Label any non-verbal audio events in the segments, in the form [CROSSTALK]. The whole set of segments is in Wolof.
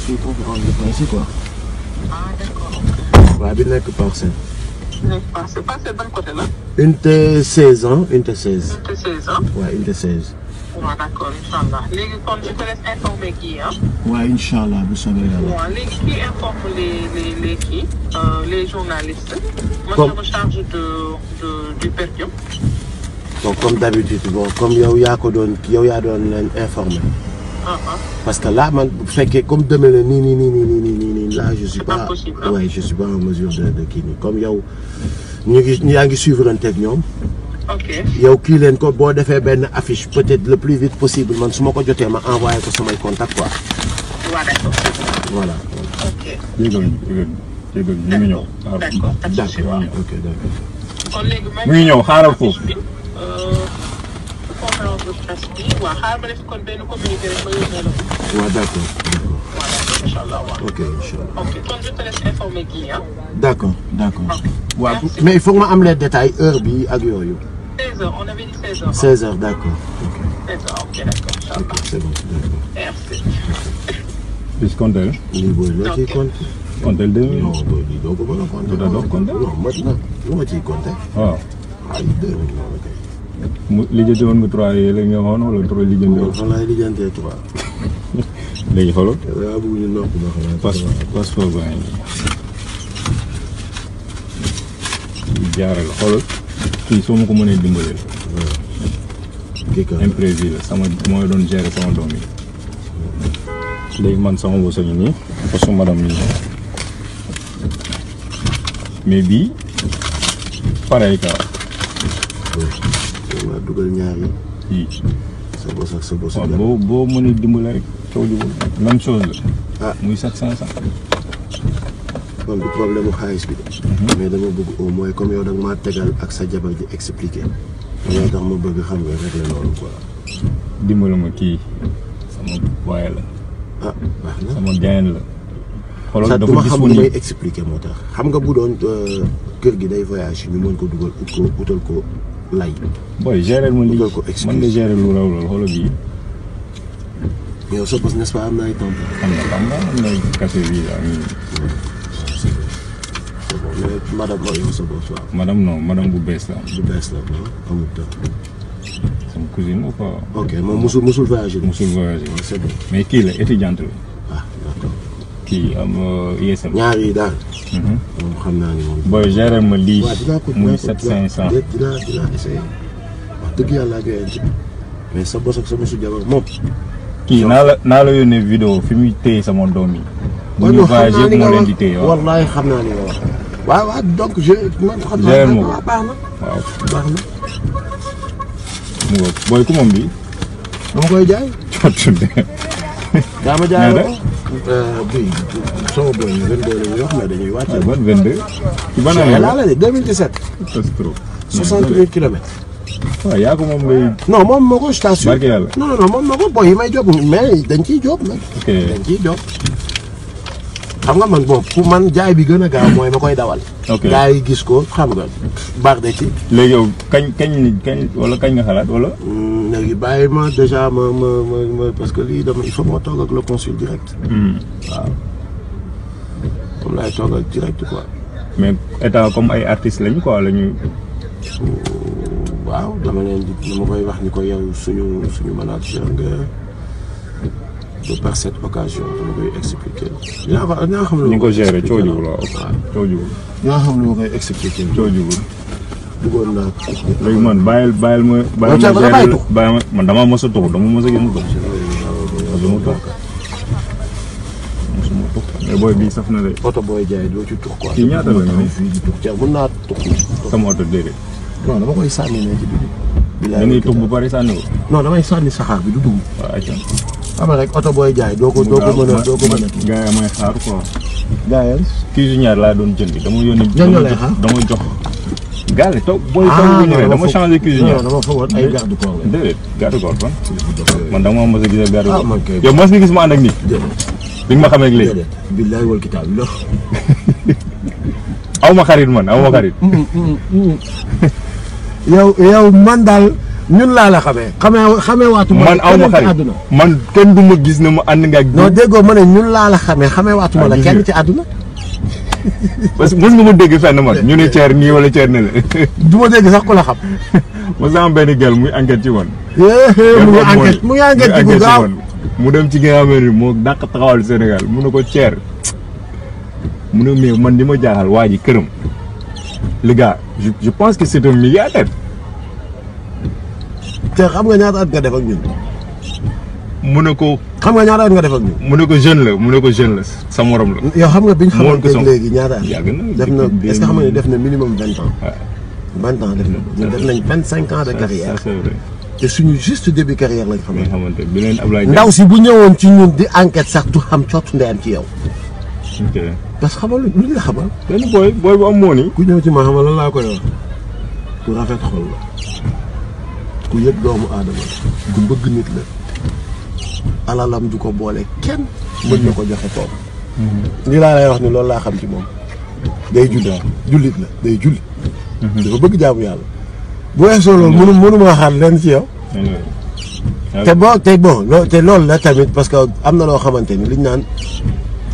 suis conférence de presse quoi. ah d'accord. waaw bi nekk parcelle. nekk parcelle parcelle ban côté la. te laisse informer kii ah. waaw incha allah bu soobee yàlla. waaw léegi kii informe les les les kii euh, les journalistes. comme moi de du perfume. bon comme d'habitude bon comme yow yaa ko doon yow yaa doon leen informer. Uh-huh. parce que là man bu fekkee comme demee na nii nii nii nii nii je suis pas. waaye je suis pas mesure de de kii nii comme yow ñu ngi yaa ngi suivre teg ñoom. ok kii leen ko boo defee benn affiche peut-être le plus vite possible man su ma ko jotee ma envoyé ko samay contact quoi. voilà. ok jéegal jéegal foofu. Euh, groupe presse bi waaw xaaral ma def kon benn communiqué rek ma yónnee la ko. waaw d' accord. voilà incha allah waaw. ok incha allah ok kon je te laisse informer kii ah. d' accord d' accord. waaw mais il faut que ma am les détails heure bi ak yooyu. 16h on avait dit 16h. 16h d' accord. ok 16h ok d' accord incha allah. ok c' est bon d' accord. merci. bis compter. lii booy loo ciy compter. compter deux mille. non booy lii doo ko mën a compter. doo ko mën a compter non mot na lu ma ciy compter. waaw. ay ah. ah, deux mille la kay. mu lijjanti woon nga trois yooyu la nga waxoon wala trois lijjanti trois. [LAUGHS] léegi xoolal. yaa bëgg ñu ba xam ne. passeport passeport kii soo ma ko mënee dimbaleel. kii quoi sama mooy doon gérer sama doom yi. léegi man sama bosa ñu nii façon madame ñu mais bii pareil quoi. waaw dugal ñaar yi. sa bos ak sa bos. waaw boo boo mënee dimbale rek coow ji même ah muy sept cinq cent. kon du problème mu xaalis bi. Mhm. mais dama bëgg au moins comme yow da nga maa tegal ak sa jabar ji expliqué. loolu tax ma bëgg xam nga rek la loolu quoi. ma kii waaye la. ah baax la. xoolal dafa gis xam may expliqué moo tax. xam nga bu doon euh, kër gi day voyage ñu mën ko dugal ut ko utal ko lay. booy gérer ma lii man nga gérer lu raw lool xoolal bii. yow soo pas n'est-ce am na ay temps. am na am na am na ay café bi madame yow sa bopp waaw. madame bu bees la. bu bees la waaw amul temps. sama cousine musul musul voyager. musul voyager mais kii la étudiante la. kii am uh, ñaar yi daal. Mhm. naa ne ma lii. waaw dinaa ko dinaa ko dinaa yàlla ak yéen ci mais sa bos ak naa la naa la yónnee fi muy téye sama doom yi. bu ñu voyagé moo leen di téye waaw wallaay xam naa ni nga wax. waaw waaw donc booy ku bi. dama koy jaay. [LAUGHS] daa ma jaay [LAUGHS] bii sama boy yi 22 la ñuy wax mais dañuy wàcc. ban 22. ci ban année la 2017. c'est trop 68 kilomètres. waaw yaa ko moom ngay. non moom moo ko station. barke yàlla non non moom moo ko boy yi may jóg mais dañ ciy jóg nag. ok dañ ciy jóg. xam nga man boobu pour man jaay bi gën a gaaw mooy ma koy dawal. ok gaa yi gis ko xam nga. baax de ci. léegi yow kañ kañ kañ wala kañ nga xalaat wala. léegi bàyyi ma déjà ma ma ma parce que lii dama il faut ma toog ak le consul direct. Hmm. waaw moom laay toog direct quoi. mais état comme ay artistes lañu quoi la ñuy. waaw dama leen di dama koy wax ni ko yow suñu suñu manager nga de par cette occasion dama koy expliqué. ñaa xam lu ma koy expliqué ñu ngi ko gérer coojuwul waaw coojuwul. ñaa xam lu ma koy expliqué coojuwul. duggoon naa. léegi man bàyyil bàyyil ma. bàyyil ma gérer bàyyil ma man damaa mos a toog dama mos a gën a toog. mosuma toog mosuma toog. mais booy bii saf na de. oto booy jaay doo ci tux quoi. kii ñaata la nga ne fii di tux ca mën naa tux. sama oto déedéet. non dama koy sànni ne ci biir. da ngay tux bu bari sànni ko. non damay sànni saxaar bi du dugg. waaw ayca. xam rek oto booy jaay doo ko doo ko mën a doo ko mën a. gaa yi may xaar quoi. gaa yi. kii si ñaar laa doon jëndi dama yónni. dama jox gaal yi toog booy taw bu ah, ñëwee dama changé cuisinier dama foogoon ay garde corps la déedéet garde corps kon man dama mos a gis garde corps ah, yow mos nga gis ma ànd ak nit bi nga ma xamee ak léegi billaay wal kitaab la [LAUGHS] aw ma xarit man aw ma xarit mm, mm, mm, yow yow man daal ñun laa la xamee xamee xamee waatu man aw ma xarit man kenn du ma gis na ma ànd nga ak non déggoo ma ne ñun laa la xamee xamee waatu ma la ah, kenn ci àdduna parce que mës nga ma dégg fenn man ñu ne ceer nii wala ceer ne la. du ma dégg sax ku la xam. [LAUGHS] mos naa am benn gel muy enquête ci woon. Eh, eh, mu ngi mu dem ci nga xam ne moo dàq taxawal Sénégal mu ne ko ceer mu ne mais man li ma jaaxal waa ji këram. les je pense que c'est un milliardaire. te xam nga ñaata at nga def ak ñun. mu ne ko. xam nga ñaata at nga def ak mu ne ko jeune la mu ne ko jeune la sa morom la. yow xam nga bi ñu xamante ne léegi ñaata at. na def na est-ce nañ vingt cinq de carrière. te suñu juste début carrière lañ xamante bi leen Ablaye ndaw si bu ñëwoon ci ñun di enquête sax du xam cootu ndeyam ci yow. parce que xamal luñ la xamal. benn booy booy bu am moo ni ku ñëw ci ma xamal lan laa koy wax ku rafet xol la ku yëg doomu aadama la ku bëgg nit la. alalam du ko boole kenn mën na ko joxe toog ni laa lay wax ni lool laa xam ci moom day julli jullit la day julli dafa bëgg jaamu yàlla bu weesoo loolu mënu mënuma xaar leen ci yow te boo te bon loo te lool la tamit parce que am na loo xamante ni liñ naan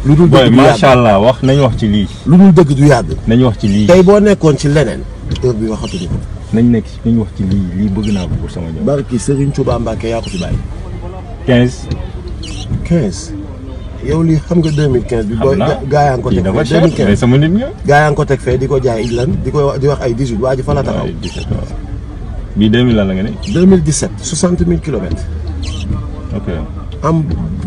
lu dul dëgg du yàgg wax nañ wax ci lii lu dul dëgg du yàgg nañ wax ci lii tey boo nekkoon ci leneen heure bi waxatuñu ko nañ nekk nañ wax ci lii lii bëgg naa ko pour sama ñoom barki Serigne Touba Mbacke yaa ko fi bàyyi 15. 15. yow lii xam nga 2015. bi booy gaa yaa ngi ko teg fee 2015 sama nit nga. gaa yaa ko teg fee di ko jaay lan di ko di wax ay 18 waa ji fa la taxaw. bii 2000 lan la nga ne. de 60 000 kilomètres. ok am.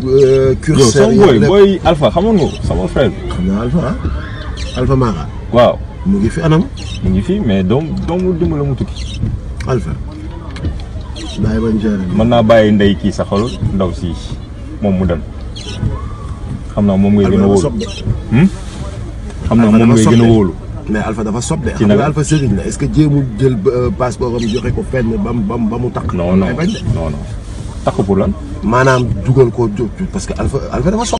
Euh, curseur yow sama booy Alpha xamoon nga sama frère. xam naa ah? waaw mu ngi fi anam. mu ngi fi mais doom doomu dimbali mu tukki. Alpha. mën naa bàyyi ndey kii sa xol ndaw si moom mu dem xam naa moom ngay gën a wóolu. Hmm? xam naa moom ngay gën a wóolu. mais alfa dafa sob de. ci nag alfa sëriñ la est-ce que jéemu jël euh, passeport am joxe ko fenn ba mu ba mu takk. non non non takk pour lan. maanaam dugal ko parce que Alpha Alpha dafa sob.